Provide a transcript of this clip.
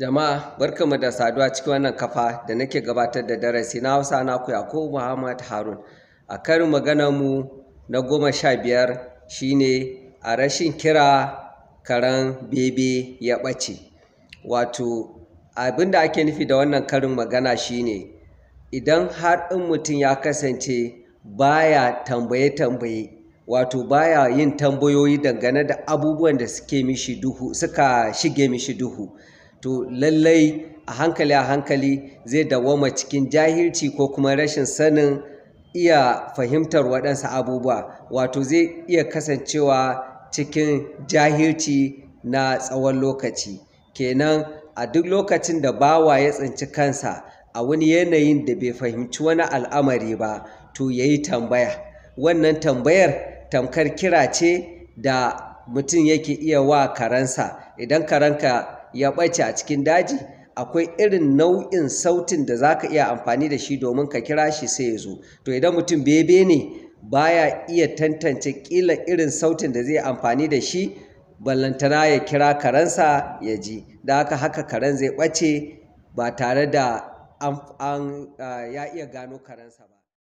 Jama'a barkamu da saduwa cikin wannan kafa da nake gabatar da darasi na Hausa na ku Yakubu Muhammad Harun. A karin maganar mu na goma sha biyar shine a rashin kira karen bebe ya ɓace. Wato abin ake nufi da wannan karin magana shine idan har in mutum ya kasance baya tambaye-tambaye wato baya yin tambayoyi dangane da abubuwan da suka shige mishi duhu to lallai a hankali a hankali zai dawwama cikin jahilci ko kuma rashin sanin iya fahimtar waɗansa abubuwa wato zai iya kasancewa cikin jahilci na tsawon lokaci kenan a duk lokacin da bawa ya tsinci kansa a wani yanayin da bai fahimci wani al'amari ba to ya yi tambaya wannan tambayar tamkar kira ce da mutum yake iya wa karensa idan karanka ya ɓace a cikin daji akwai irin nau'in sautin da za ka iya amfani da shi domin ka kira shi sai ya zo to idan mutum bebe ne baya iya tantance ƙila irin sautin da zai amfani da shi ballantana ya kira karensa ya ji da haka haka karen zai ɓace ba tare da ah, ya iya gano karensa ba